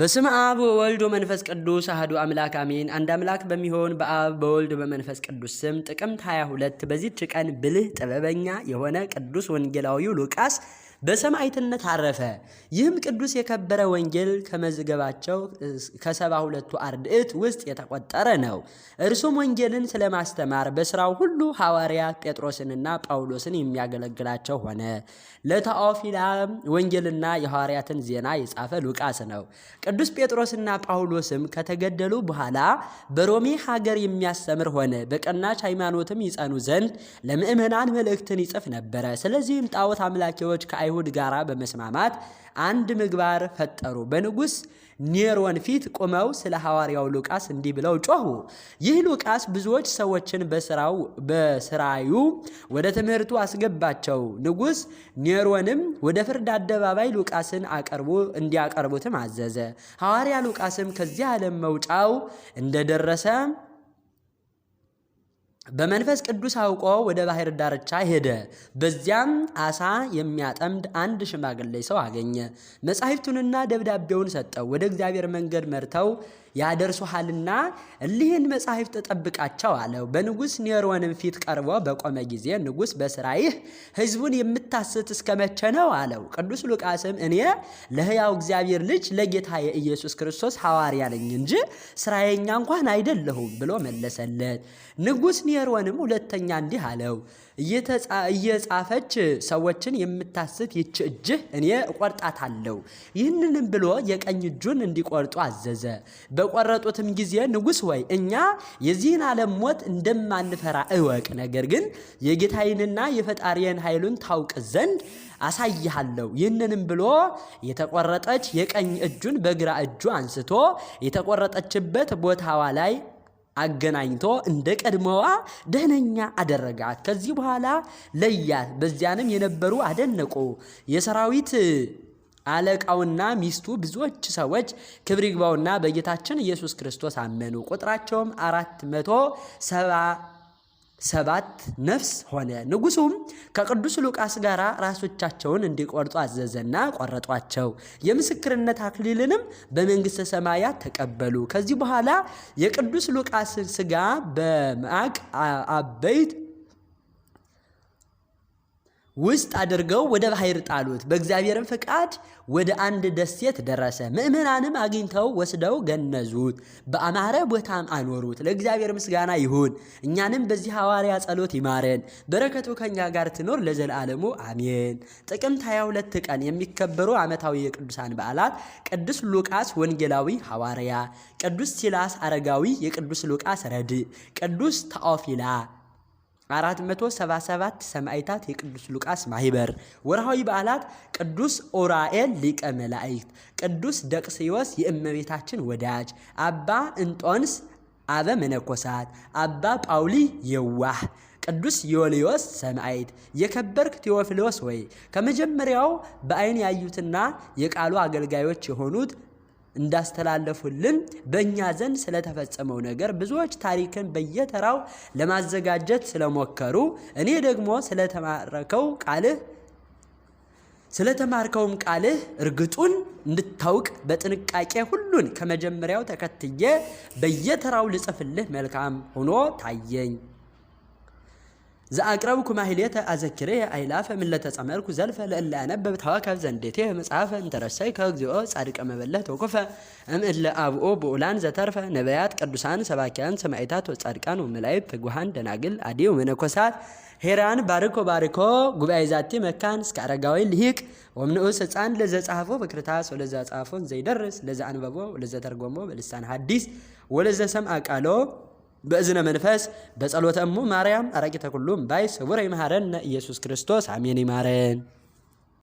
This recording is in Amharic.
በስም አብ ወወልድ ወመንፈስ ቅዱስ አህዱ አምላክ አሜን። አንድ አምላክ በሚሆን በአብ በወልድ በመንፈስ ቅዱስ ስም ጥቅምት 22 በዚች ቀን ብልህ ጥበበኛ የሆነ ቅዱስ ወንጌላዊው ሉቃስ በሰማዕትነት አረፈ። ይህም ቅዱስ የከበረ ወንጌል ከመዝገባቸው ከሰባ ሁለቱ አርድእት ውስጥ የተቆጠረ ነው። እርሱም ወንጌልን ስለማስተማር በሥራው ሁሉ ሐዋርያ ጴጥሮስንና ጳውሎስን የሚያገለግላቸው ሆነ። ለታኦፊላ ወንጌልና የሐዋርያትን ዜና የጻፈ ሉቃስ ነው። ቅዱስ ጴጥሮስና ጳውሎስም ከተገደሉ በኋላ በሮሜ ሀገር የሚያስተምር ሆነ። በቀናች ሃይማኖትም ይጸኑ ዘንድ ለምእመናን መልእክትን ይጽፍ ነበረ። ስለዚህም ጣዖት አምላኪዎች ከአይሁ ከአይሁድ ጋር በመስማማት አንድ ምግባር ፈጠሩ። በንጉሥ ኔሮን ፊት ቆመው ስለ ሐዋርያው ሉቃስ እንዲህ ብለው ጮኹ። ይህ ሉቃስ ብዙዎች ሰዎችን በስራው በስራዩ ወደ ትምህርቱ አስገባቸው። ንጉሥ ኔሮንም ወደ ፍርድ አደባባይ ሉቃስን አቀርቡ እንዲያቀርቡትም አዘዘ። ሐዋርያ ሉቃስም ከዚህ ዓለም መውጫው እንደደረሰ በመንፈስ ቅዱስ አውቆ ወደ ባህር ዳርቻ ሄደ። በዚያም አሳ የሚያጠምድ አንድ ሽማግሌ ሰው አገኘ። መጻሕፍቱንና ደብዳቤውን ሰጠው። ወደ እግዚአብሔር መንገድ መርተው ያደርሱሃልና እሊህን መጽሐፍ ተጠብቃቸው አለው። በንጉሥ ኔሮንም ፊት ቀርቦ በቆመ ጊዜ ንጉሥ በስራይህ ህዝቡን የምታስት እስከ መቼ ነው አለው። ቅዱስ ሉቃስም እኔ ለሕያው እግዚአብሔር ልጅ ለጌታ የኢየሱስ ክርስቶስ ሐዋርያ ነኝ እንጂ ስራየኛ እንኳን አይደለሁም ብሎ መለሰለት። ንጉሥ ኔሮንም ሁለተኛ እንዲህ አለው እየጻፈች ሰዎችን የምታስት ይች እጅህ እኔ እቆርጣታለሁ። ይህንንም ብሎ የቀኝ እጁን እንዲቆርጡ አዘዘ። በቆረጡትም ጊዜ ንጉሥ ወይ እኛ የዚህን ዓለም ሞት እንደማንፈራ እወቅ፣ ነገር ግን የጌታዬንና የፈጣሪየን ኃይሉን ታውቅ ዘንድ አሳይሃለሁ። ይህንንም ብሎ የተቆረጠች የቀኝ እጁን በግራ እጁ አንስቶ የተቆረጠችበት ቦታዋ ላይ አገናኝቶ እንደ ቀድሞዋ ደህነኛ አደረጋት። ከዚህ በኋላ ለያት። በዚያንም የነበሩ አደነቁ የሰራዊት አለቃውና ሚስቱ ብዙዎች ሰዎች ክብር ይግባውና በጌታችን ኢየሱስ ክርስቶስ አመኑ። ቁጥራቸውም አራት መቶ ሰባ ሰባት ነፍስ ሆነ። ንጉሱም ከቅዱስ ሉቃስ ጋር ራሶቻቸውን እንዲቆርጡ አዘዘና ቆረጧቸው። የምስክርነት አክሊልንም በመንግሥተ ሰማያት ተቀበሉ። ከዚህ በኋላ የቅዱስ ሉቃስ ሥጋ በማቅ አበይት ውስጥ አድርገው ወደ ባህር ጣሉት። በእግዚአብሔርም ፍቃድ ወደ አንድ ደሴት ደረሰ። ምእመናንም አግኝተው ወስደው ገነዙት፣ በአማረ ቦታም አኖሩት። ለእግዚአብሔር ምስጋና ይሁን፣ እኛንም በዚህ ሐዋርያ ጸሎት ይማረን፣ በረከቱ ከእኛ ጋር ትኖር ለዘላለሙ አሜን። ጥቅምት 22 ቀን የሚከበሩ ዓመታዊ የቅዱሳን በዓላት ቅዱስ ሉቃስ ወንጌላዊ ሐዋርያ፣ ቅዱስ ሲላስ አረጋዊ፣ የቅዱስ ሉቃስ ረድእ፣ ቅዱስ ታኦፊላ 477 ሰማዕታት የቅዱስ ሉቃስ ማህበር። ወርሃዊ በዓላት ቅዱስ ኦራኤል ሊቀ መላእክት፣ ቅዱስ ደቅስዮስ የእመቤታችን ወዳጅ፣ አባ እንጦንስ አበ መነኮሳት፣ አባ ጳውሊ የዋህ፣ ቅዱስ ዮልዮስ ሰማዕት። የከበርክ ቴዎፍሎስ ወይ ከመጀመሪያው በዓይን ያዩትና የቃሉ አገልጋዮች የሆኑት እንዳስተላለፉልን በእኛ ዘንድ ስለተፈጸመው ነገር ብዙዎች ታሪክን በየተራው ለማዘጋጀት ስለሞከሩ እኔ ደግሞ ስለተማረከው ቃልህ ስለተማርከውም ቃልህ እርግጡን እንድታውቅ በጥንቃቄ ሁሉን ከመጀመሪያው ተከትዬ በየተራው ልጽፍልህ መልካም ሆኖ ታየኝ። ዘአቅረብኩ ማህሌተ አዘኪሬ አይላፈ ምለተ ጸመርኩ ዘልፈ ለእለ አነበብ ተዋከብ ዘንዴቴ መጽሐፈ እንተረሳይ ከእግዚኦ ጻድቀ መበለህ ተወኩፈ እምእለ አብኦ ብኡላን ዘተርፈ ነቢያት ቅዱሳን ሰባኪያን ሰማዕታት ወጻድቃን ወመላእክት ትጉሃን ደናግል አዲው መነኮሳት ሄራን ባርኮ ባርኮ ጉባኤ ዛቲ መካን እስከ አረጋዊ ልሂቅ ወምንዑስ ሕፃን ለዘጻሕፎ በክርታስ ወለዘ ጻፎን ዘይደርስ ለዘ አንበቦ ወለዘ ተርጎሞ በልሳን ሐዲስ ወለዘ ሰምዐ ቃሎ በእዝነ መንፈስ በጸሎተ እሙ ማርያም አረቂተ ኩሉ እምባይ ስውር ይመሃረነ ኢየሱስ ክርስቶስ አሜን። ይማረን።